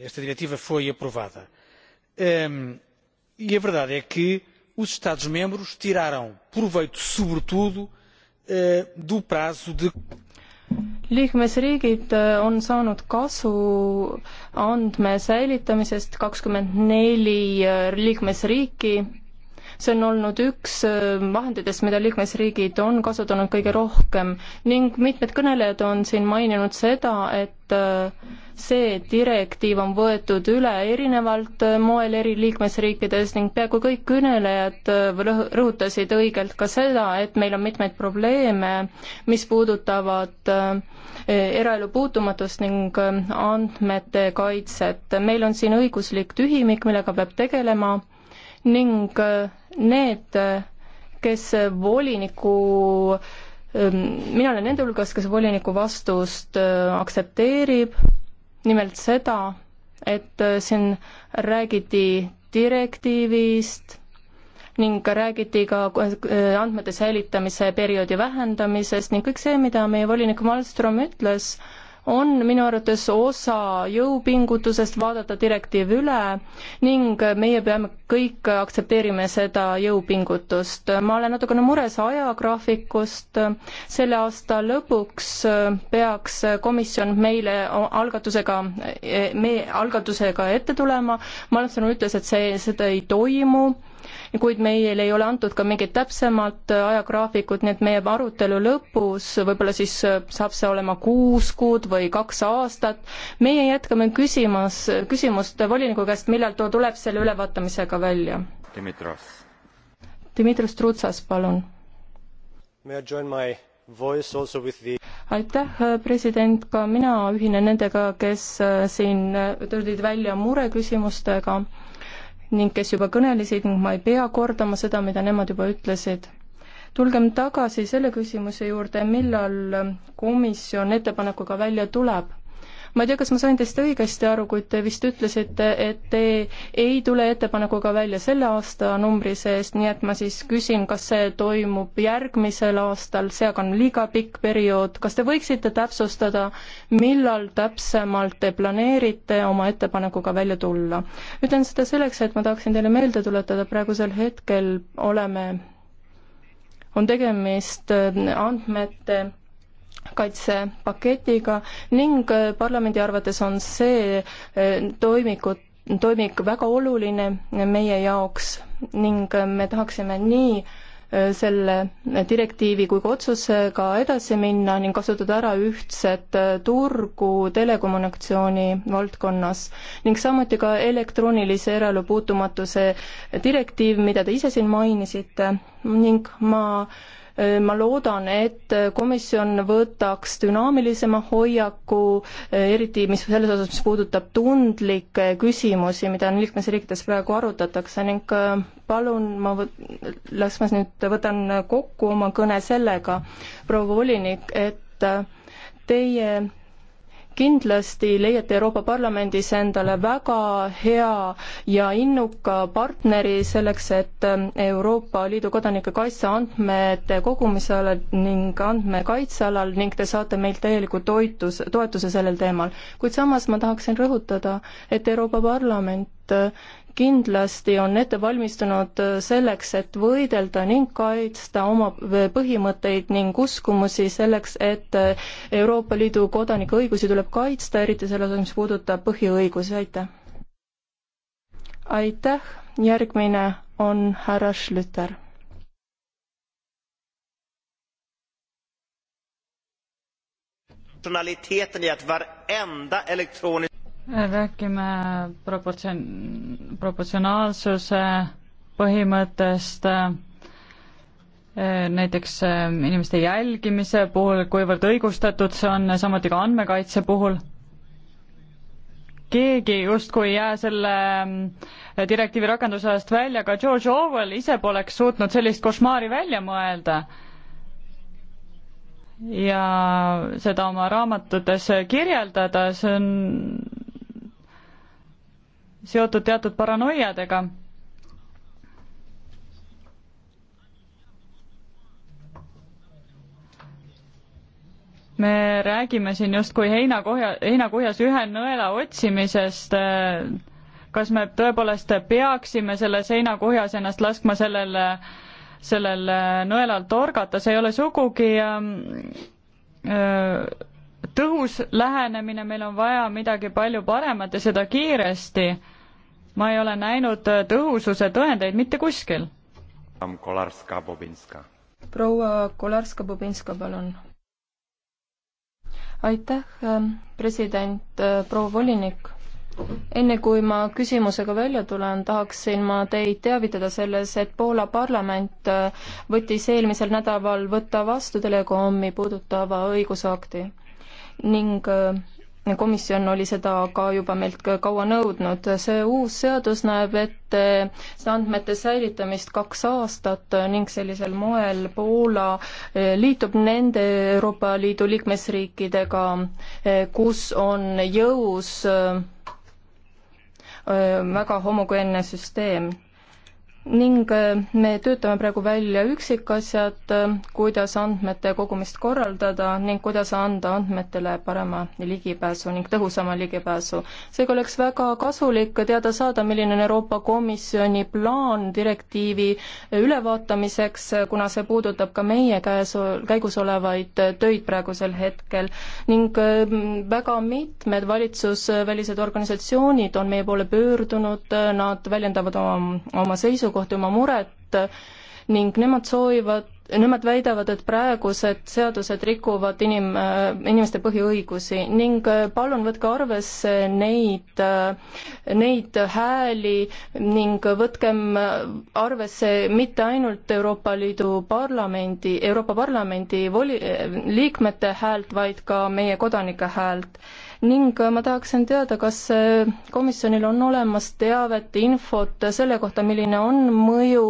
esta diretiva foi aprovada. Ehm, e a verdade é que os Estados-membros tiraram proveito, sobretudo, eh, do prazo de liikmesriigid on saanud kasu andme säilitamisest, kakskümmend neli liikmesriiki see on olnud üks äh, vahenditest, mida liikmesriigid on kasutanud kõige rohkem ning mitmed kõnelejad on siin maininud seda, et äh, see direktiiv on võetud üle erinevalt äh, moel eri liikmesriikides ning peaaegu kõik kõnelejad rõhutasid õigelt ka seda, et meil on mitmeid probleeme, mis puudutavad eraelu puutumatust ning andmete kaitset. meil on siin õiguslik tühimik, millega peab tegelema ning äh, need, kes voliniku ähm, mina olen nende hulgas, kes voliniku vastust äh, aktsepteerib, nimelt seda, et äh, siin räägiti direktiivist ning räägiti ka andmete säilitamise perioodi vähendamisest ning kõik see, mida meie volinik Malmström ütles, on minu arvates osa jõupingutusest vaadata direktiiv üle ning meie peame kõik aktsepteerime seda jõupingutust. ma olen natukene mures ajagraafikust, selle aasta lõpuks peaks komisjon meile algatusega, me algatusega ette tulema, Malmson ütles, et see, seda ei toimu kuid meile ei ole antud ka mingit täpsemat ajagraafikut, nii et meie arutelu lõpus, võib-olla siis saab see olema kuus kuud või kaks aastat, meie jätkame küsimas, küsimust voliniku käest, millal too tuleb selle ülevaatamisega välja. Dimitros. Dimitros Trutsas, palun. May I join my voice also with the aitäh, president, ka mina ühinen nendega, kes äh, siin äh, tulid välja mureküsimustega ning kes juba kõnelesid ning ma ei pea kordama seda, mida nemad juba ütlesid. tulgem tagasi selle küsimuse juurde, millal komisjon ettepanekuga välja tuleb ma ei tea, kas ma sain teist õigesti aru, kuid te vist ütlesite, et te ei tule ettepanekuga välja selle aastanumbri sees, nii et ma siis küsin, kas see toimub järgmisel aastal, seega on liiga pikk periood, kas te võiksite täpsustada, millal täpsemalt te planeerite oma ettepanekuga välja tulla? ütlen seda selleks, et ma tahaksin teile meelde tuletada, praegusel hetkel oleme on tegemist andmete kaitsepaketiga ning äh, parlamendi arvates on see äh, toimikut toimik väga oluline meie jaoks ning äh, me tahaksime nii selle direktiivi kui ka otsusega edasi minna ning kasutada ära ühtset turgu telekommunikatsiooni valdkonnas ning samuti ka elektroonilise eraelu puutumatuse direktiiv, mida te ise siin mainisite ning ma ma loodan, et komisjon võtaks dünaamilisema hoiaku, eriti mis selles osas, mis puudutab tundlikke küsimusi, mida on liikmesriikides praegu arutatakse ning äh, palun, ma võt-, las ma nüüd võtan kokku oma kõne sellega, proua volinik, et äh, teie kindlasti leiate Euroopa Parlamendis endale väga hea ja innuka partneri selleks, et ähm, Euroopa Liidu kodanike kaitse andmete kogumise alal ning andmekaitse alal ning te saate meilt täieliku toitus, toetuse sellel teemal. kuid samas ma tahaksin rõhutada, et Euroopa Parlament kindlasti on ette valmistunud selleks, et võidelda ning kaitsta oma põhimõtteid ning uskumusi selleks, et Euroopa Liidu kodanike õigusi tuleb kaitsta, eriti selles osas, mis puudutab põhiõigusi, aitäh! aitäh, järgmine on härra Schlüter. rationaliteten i att varenda elektronisk räägime proportsion-, proportsionaalsuse põhimõttest, eh, näiteks eh, inimeste jälgimise puhul, kuivõrd õigustatud see on, samuti ka andmekaitse puhul. keegi justkui ei jää selle eh, direktiivi rakendusalast välja, aga George Orwell ise poleks suutnud sellist košmaari välja mõelda ja seda oma raamatutes kirjeldada, see on seotud teatud paranoiadega. me räägime siin justkui heinakohja, heinakuhjas ühe nõela otsimisest. Äh, kas me tõepoolest peaksime selles heinakuhjas ennast laskma sellel, sellel nõelal torgata, see ei ole sugugi öö, ähm, äh, tõhus lähenemine, meil on vaja midagi palju paremat ja seda kiiresti ma ei ole näinud äh, tõhususe tõendeid mitte kuskil. proua Kolarska-Bobinska, palun. aitäh, ähm, president, äh, proua volinik enne kui ma küsimusega välja tulen, tahaksin ma teid teavitada selles, et Poola parlament äh, võttis eelmisel nädalal võtta vastu telekomi puudutava õigusakti ning komisjon oli seda ka juba meilt kaua nõudnud. see uus seadus näeb ette andmete säilitamist kaks aastat ning sellisel moel Poola eh, liitub nende Euroopa Liidu liikmesriikidega, eh, kus on jõus eh, väga homogeenne süsteem ning äh, me töötame praegu välja üksikasjad, äh, kuidas andmete kogumist korraldada ning kuidas anda andmetele parema ligipääsu ning tõhusama ligipääsu. seega oleks väga kasulik teada saada, milline on Euroopa Komisjoni plaan direktiivi ülevaatamiseks, kuna see puudutab ka meie käes, käigus olevaid töid praegusel hetkel ning äh, väga mitmed valitsusvälised organisatsioonid on meie poole pöördunud, nad väljendavad oma, oma seisukohti, seisukohti, oma muret ning nemad soovivad, nemad väidavad, et praegused seadused rikuvad inim-, inimeste põhiõigusi ning äh, palun võtke arvesse neid, äh, neid hääli ning võtkem äh, arvesse mitte ainult Euroopa Liidu Parlamendi, Euroopa Parlamendi voli-, liikmete häält, vaid ka meie kodanike häält ning äh, ma tahaksin teada, kas äh, komisjonil on olemas teavet, infot selle kohta, milline on mõju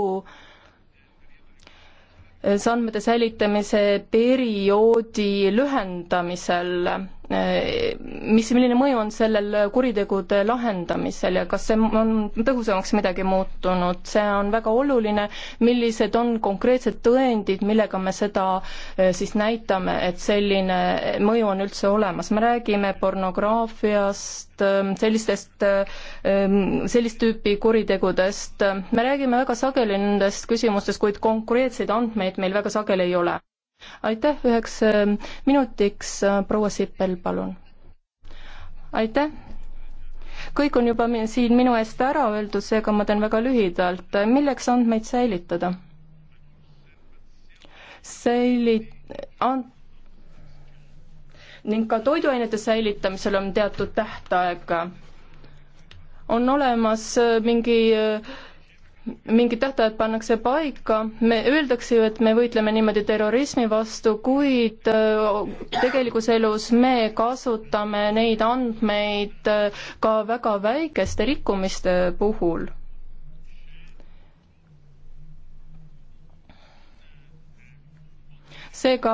äh, andmete säilitamise perioodi lühendamisel mis, milline mõju on sellel kuritegude lahendamisel ja kas see on tõhusamaks midagi muutunud, see on väga oluline, millised on konkreetsed tõendid, millega me seda eh, siis näitame, et selline mõju on üldse olemas, me räägime pornograafiast, eh, sellistest, eh, sellist tüüpi kuritegudest, me räägime väga sageli nendest küsimustest, kuid konkreetseid andmeid meil väga sageli ei ole aitäh, üheks ähm, minutiks äh, proua Sippel, palun. aitäh kõik on juba siin minu eest ära öeldud, seega ma teen väga lühidalt. milleks andmeid säilitada? säilit-, and-, ning ka toiduainete säilitamisel on teatud tähtaeg. on olemas äh, mingi äh, mingid tähtajad pannakse paika, me, öeldakse ju, et me võitleme niimoodi terrorismi vastu, kuid äh, tegelikus elus me kasutame neid andmeid äh, ka väga väikeste rikkumiste puhul. seega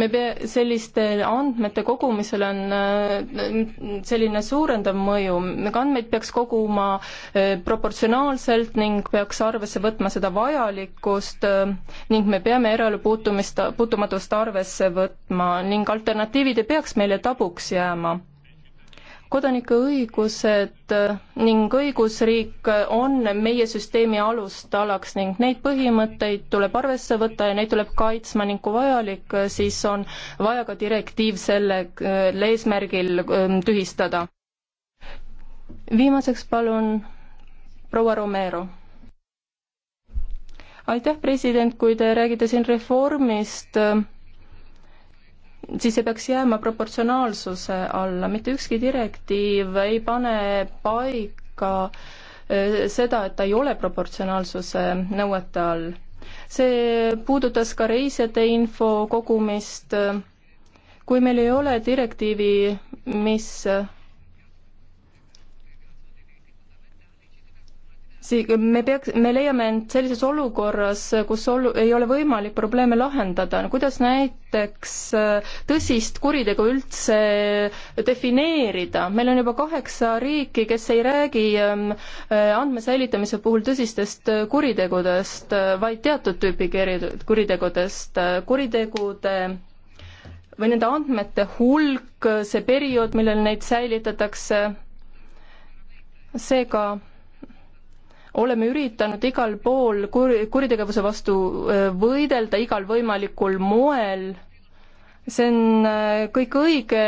me pea-, selliste andmete kogumisel on äh, selline suurendav mõju, andmeid peaks koguma äh, proportsionaalselt ning peaks arvesse võtma seda vajalikkust äh, ning me peame eraelu puutumist, puutumatust arvesse võtma ning alternatiivid ei peaks meile tabuks jääma kodanike õigused ning õigusriik on meie süsteemi alustalaks ning neid põhimõtteid tuleb arvesse võtta ja neid tuleb kaitsma ning kui vajalik, siis on vaja ka direktiiv sellel äh, eesmärgil ähm, tühistada. viimaseks palun proua Romero aitäh, president, kui te räägite siin reformist äh, siis see peaks jääma proportsionaalsuse alla, mitte ükski direktiiv ei pane paika äh, seda, et ta ei ole proportsionaalsuse nõuete all. see puudutas ka reisijate info kogumist, kui meil ei ole direktiivi, mis sii-, me peaks, me leiame end sellises olukorras, kus olu-, ei ole võimalik probleeme lahendada, no kuidas näiteks äh, tõsist kuritegu üldse äh, defineerida, meil on juba kaheksa riiki, kes ei räägi ähm, äh, andmesäilitamise puhul tõsistest kuritegudest, vaid teatud tüüpi kuritegudest, kuritegude või nende andmete hulk, see periood, millel neid säilitatakse, seega oleme üritanud igal pool kur-, kuritegevuse vastu äh, võidelda igal võimalikul moel, see on äh, kõik õige,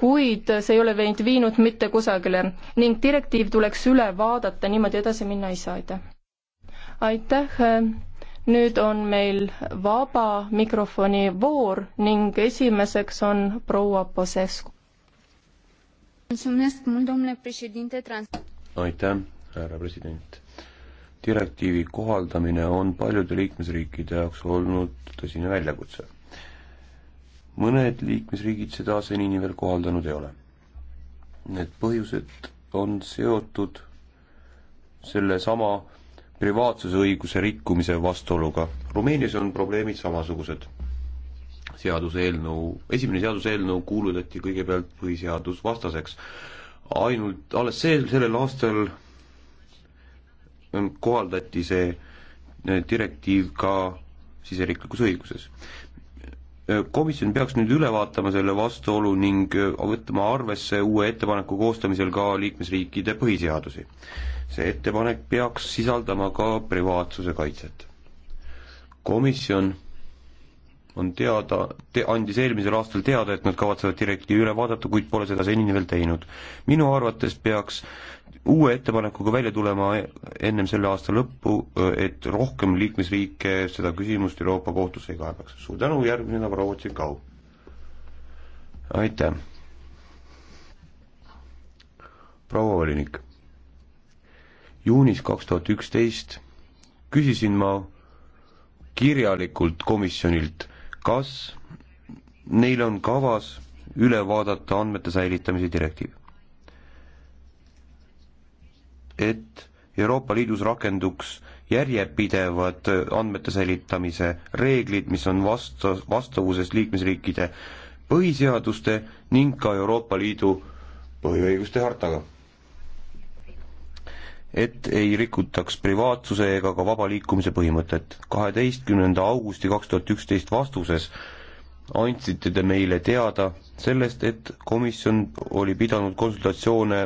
kuid see ei ole meid viinud mitte kusagile ning direktiiv tuleks üle vaadata, niimoodi edasi minna ei saa, aitäh. aitäh, äh, nüüd on meil vaba mikrofoni voor ning esimeseks on proua Posescu. aitäh, härra president direktiivi kohaldamine on paljude liikmesriikide jaoks olnud tõsine väljakutse. mõned liikmesriigid seda senini veel kohaldanud ei ole. Need põhjused on seotud sellesama privaatsusõiguse rikkumise vastuoluga. Rumeenias on probleemid samasugused. seaduseelnõu, esimene seaduseelnõu kuulutati kõigepealt põhiseadusvastaseks. ainult alles sel, sellel aastal Ähm, kohaldati see äh, direktiiv ka siseriiklikus õiguses. Äh, komisjon peaks nüüd üle vaatama selle vastuolu ning äh, võtma arvesse uue ettepaneku koostamisel ka liikmesriikide põhiseadusi. see ettepanek peaks sisaldama ka privaatsuse kaitset. komisjon on teada te,, andis eelmisel aastal teada, et nad kavatsevad direktiivi üle vaadata, kuid pole seda senini veel teinud. minu arvates peaks uue ettepanekuga välja tulema ennem selle aasta lõppu, et rohkem liikmesriike seda küsimust Euroopa kohtusse ei kaebaks. suur tänu, järgmine nädal proua Tsikau. aitäh. proua volinik, juunis kaks tuhat üksteist küsisin ma kirjalikult komisjonilt kas neil on kavas üle vaadata andmete säilitamise direktiiv? et Euroopa Liidus rakenduks järjepidevad andmete säilitamise reeglid, mis on vasta, vastavuses liikmesriikide põhiseaduste ning ka Euroopa Liidu põhiõiguste hartaga et ei rikutaks privaatsuse ega ka vaba liikumise põhimõtet. kaheteistkümnenda augusti kaks tuhat üksteist vastuses andsite te meile teada sellest, et komisjon oli pidanud konsultatsioone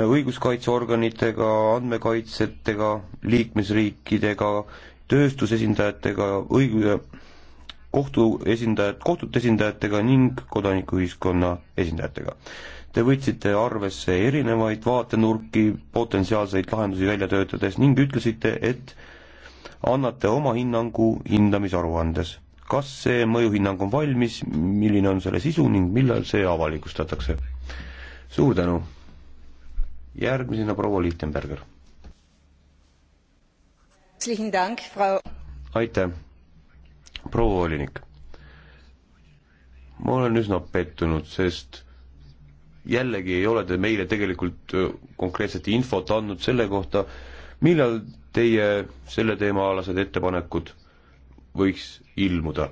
õiguskaitseorganitega, andmekaitsjatega, liikmesriikidega, tööstusesindajatega, õig-, kohtu esindajad, kohtute esindajatega ning kodanikuühiskonna esindajatega Te võtsite arvesse erinevaid vaatenurki, potentsiaalseid lahendusi välja töötades ning ütlesite, et annate oma hinnangu hindamisaruandes. kas see mõjuhinnang on valmis, milline on selle sisu ning millal see avalikustatakse? suur tänu! järgmisena proua Lichtenberger. aitäh, proua volinik. ma olen üsna pettunud, sest jällegi ei ole te meile tegelikult äh, konkreetset infot andnud selle kohta, millal teie selle teemaalased ettepanekud võiks ilmuda.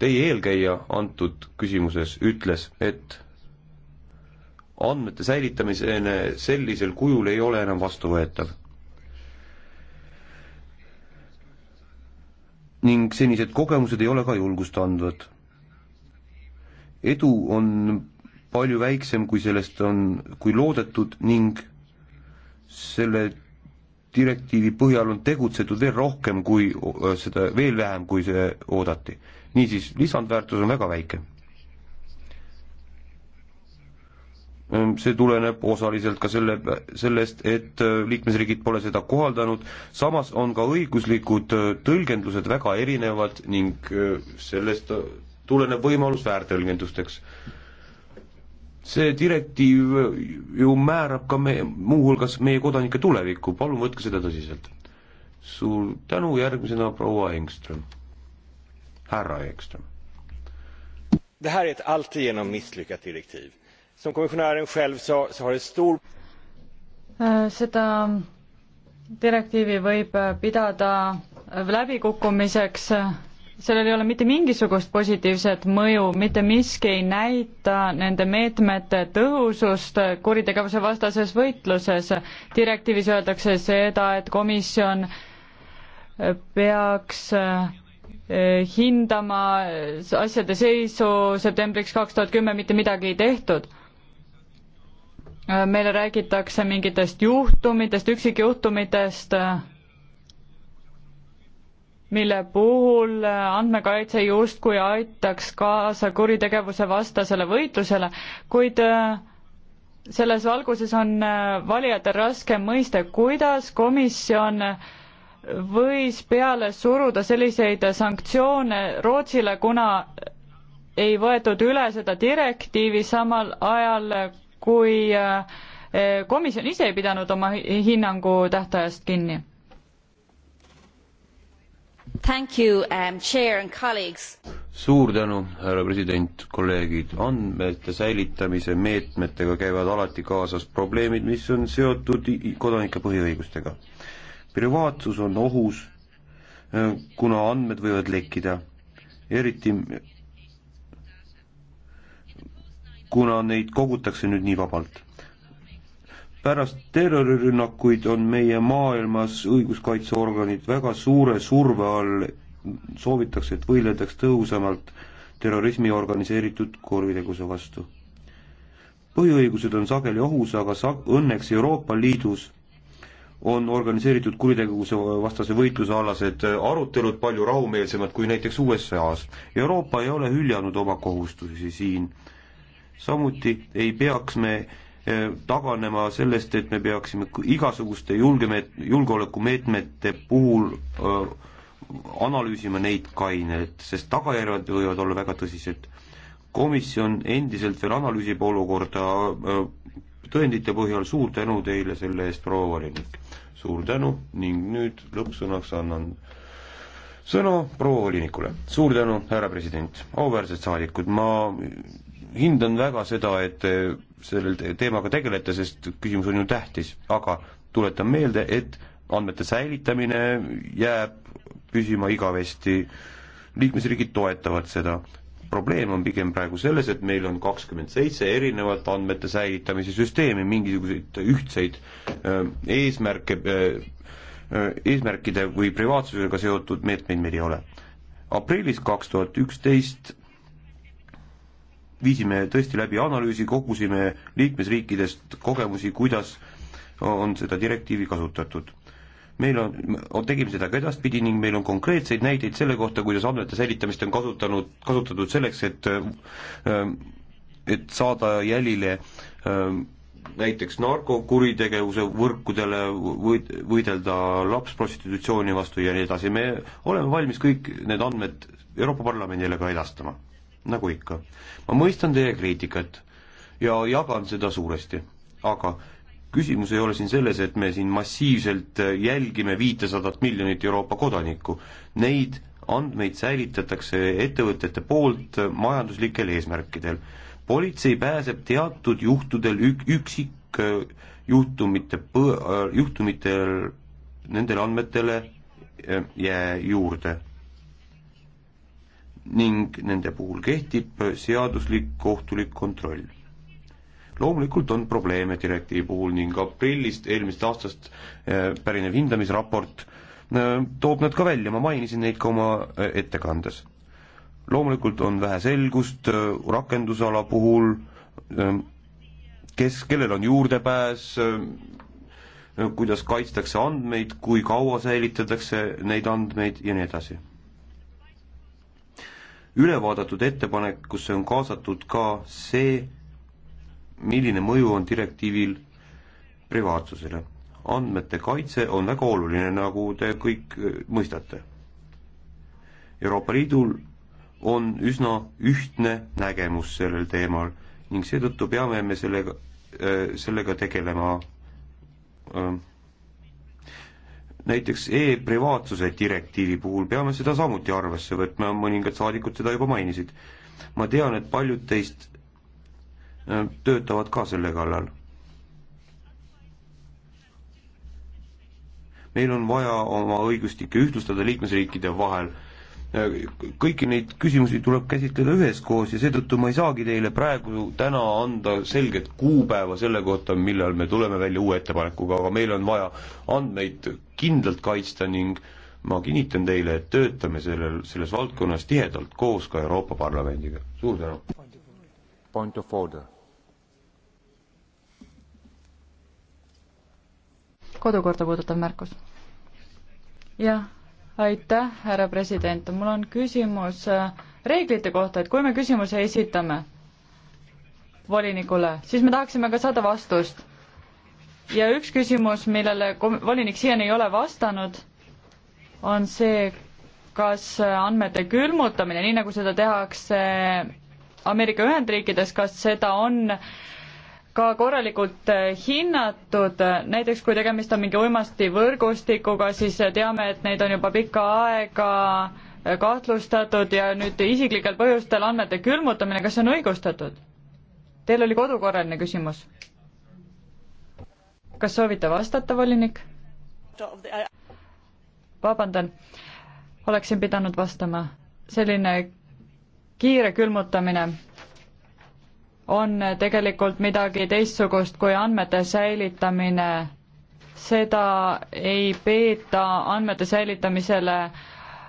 Teie eelkäija antud küsimuses ütles, et andmete säilitamisene sellisel kujul ei ole enam vastuvõetav. ning senised kogemused ei ole ka julgust andvad. edu on palju väiksem, kui sellest on, kui loodetud ning selle direktiivi põhjal on tegutsetud veel rohkem kui seda, veel vähem, kui see oodati. niisiis, lisandväärtus on väga väike. see tuleneb osaliselt ka selle, sellest, et liikmesriigid pole seda kohaldanud, samas on ka õiguslikud tõlgendused väga erinevad ning sellest tuleneb võimalus väärtõlgendusteks see direktiiv ju määrab ka me, muuhulgas meie kodanike tulevikku, palun võtke seda tõsiselt. suur tänu, järgmisena proua Engström, härra Engström. Det här är ett alltigenom misslyckat direktiv. Som kommissionären själv sa, så har det stor... Äh, seda direktiivi võib pidada läbikukkumiseks sellel ei ole mitte mingisugust positiivset mõju, mitte miski ei näita nende meetmete tõhusust kuritegevuse vastases võitluses. direktiivis öeldakse seda, et komisjon peaks eh, hindama asjade seisu septembriks kaks tuhat kümme mitte midagi ei tehtud. meile räägitakse mingitest juhtumitest, üksikjuhtumitest mille puhul andmekaitse justkui aitaks kaasa kuritegevuse vastasele võitlusele, kuid äh, selles valguses on äh, valijatel raske mõista, kuidas komisjon võis peale suruda selliseid sanktsioone Rootsile, kuna ei võetud üle seda direktiivi samal ajal, kui äh, komisjon ise ei pidanud oma hinnangu tähtajast kinni Um, suur tänu, härra president, kolleegid, andmete säilitamise meetmetega käivad alati kaasas probleemid, mis on seotud kodanike põhiõigustega. privaatsus on ohus, äh, kuna andmed võivad lekkida, eriti kuna neid kogutakse nüüd nii vabalt pärast terrorirünnakuid on meie maailmas õiguskaitseorganid väga suure surve all, soovitakse, et võideldaks tõhusamalt terrorismi organiseeritud kuritegevuse vastu. põhiõigused on sageli ohus, aga sa-, õnneks Euroopa Liidus on organiseeritud kuritegevuse vastase võitluse alased arutelud palju rahumeelsemad kui näiteks USA-s. Euroopa ei ole hüljanud oma kohustusi siin. samuti ei peaks me taganema sellest, et me peaksime igasuguste julgemeet-, julgeolekumeetmete puhul öö, analüüsima neid kainelt, sest tagajärjed võivad olla väga tõsised. komisjon endiselt veel analüüsib olukorda öö, tõendite põhjal, suur tänu teile selle eest, proua volinik. suur tänu ning nüüd lõppsõnaks annan sõna proua volinikule. suur tänu, härra president, auväärsed saadikud, ma hindan väga seda, et sellel teemaga tegelete, sest küsimus on ju tähtis, aga tuletan meelde, et andmete säilitamine jääb püsima igavesti, liikmesriigid toetavad seda. probleem on pigem praegu selles, et meil on kakskümmend seitse erinevat andmete säilitamise süsteemi, mingisuguseid ühtseid öö, eesmärke, eesmärkide või privaatsusega seotud meetmeid meil ei ole. aprillis kaks tuhat üksteist viisime tõesti läbi analüüsi, kogusime liikmesriikidest kogemusi, kuidas on seda direktiivi kasutatud. meil on, on, tegime seda ka edaspidi ning meil on konkreetseid näiteid selle kohta, kuidas andmete säilitamist on kasutanud, kasutatud selleks, et ähm, et saada jälile ähm, näiteks narkokuritegevuse võrkudele või võidelda lapsprostitutsiooni vastu ja nii edasi, me oleme valmis kõik need andmed Euroopa Parlamendile ka edastama nagu ikka. ma mõistan teie kriitikat ja jagan seda suuresti, aga küsimus ei ole siin selles, et me siin massiivselt jälgime viitesadat miljonit Euroopa kodanikku. Neid andmeid säilitatakse ettevõtete poolt majanduslikel eesmärkidel. politsei pääseb teatud juhtudel ük-, üksikjuhtumite põ-, juhtumitel nendele andmetele eh, ja juurde ning nende puhul kehtib seaduslik kohtulik kontroll. loomulikult on probleeme direktiivi puhul ning aprillist eelmisest aastast eh, pärinev hindamisraport eh, toob nad ka välja, ma mainisin neid ka oma eh, ettekandes. loomulikult on vähe selgust rakendusala puhul, kes, kellel on juurdepääs, kuidas kaitstakse andmeid, kui kaua säilitatakse neid andmeid ja nii edasi ülevaadatud ettepanekusse on kaasatud ka see, milline mõju on direktiivil privaatsusele. andmete kaitse on väga oluline, nagu te kõik äh, mõistate. Euroopa Liidul on üsna ühtne nägemus sellel teemal ning seetõttu peame me sellega, äh, sellega tegelema äh, näiteks e-privaatsuse direktiivi puhul peame seda samuti arvesse võtma, mõningad saadikud seda juba mainisid. ma tean, et paljud teist äh, töötavad ka selle kallal. meil on vaja oma õigustikke ühtlustada liikmesriikide vahel kõiki neid küsimusi tuleb käsitleda üheskoos ja seetõttu ma ei saagi teile praegu täna anda selget kuupäeva selle kohta, millal me tuleme välja uue ettepanekuga, aga meil on vaja andmeid kindlalt kaitsta ning ma kinnitan teile, et töötame sellel, selles valdkonnas tihedalt koos ka Euroopa Parlamendiga. suur tänu! Point of order. kodukorda puudutav märkus. jah aitäh, härra president, mul on küsimus äh, reeglite kohta, et kui me küsimuse esitame volinikule, siis me tahaksime ka saada vastust. ja üks küsimus, millele volinik siiani ei ole vastanud, on see, kas äh, andmete külmutamine, nii nagu seda tehakse Ameerika Ühendriikides, kas seda on äh, ka korralikult äh, hinnatud, näiteks kui tegemist on mingi uimastivõrgustikuga, siis teame, et neid on juba pikka aega äh, kahtlustatud ja nüüd isiklikel põhjustel andmete külmutamine, kas see on õigustatud? Teil oli kodukorraline küsimus. kas soovite vastata, volinik? vabandan, oleksin pidanud vastama. selline kiire külmutamine on tegelikult midagi teistsugust kui andmete säilitamine. seda ei peeta andmete säilitamisele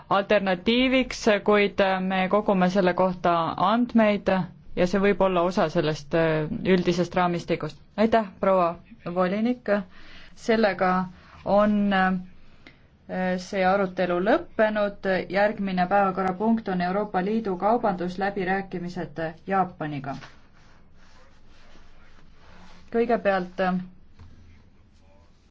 alternatiiviks, kuid me kogume selle kohta andmeid ja see võib olla osa sellest äh, üldisest raamistikust. aitäh, proua volinik, sellega on äh, see arutelu lõppenud, järgmine päevakorrapunkt on Euroopa Liidu kaubandusläbirääkimised Jaapaniga kõigepealt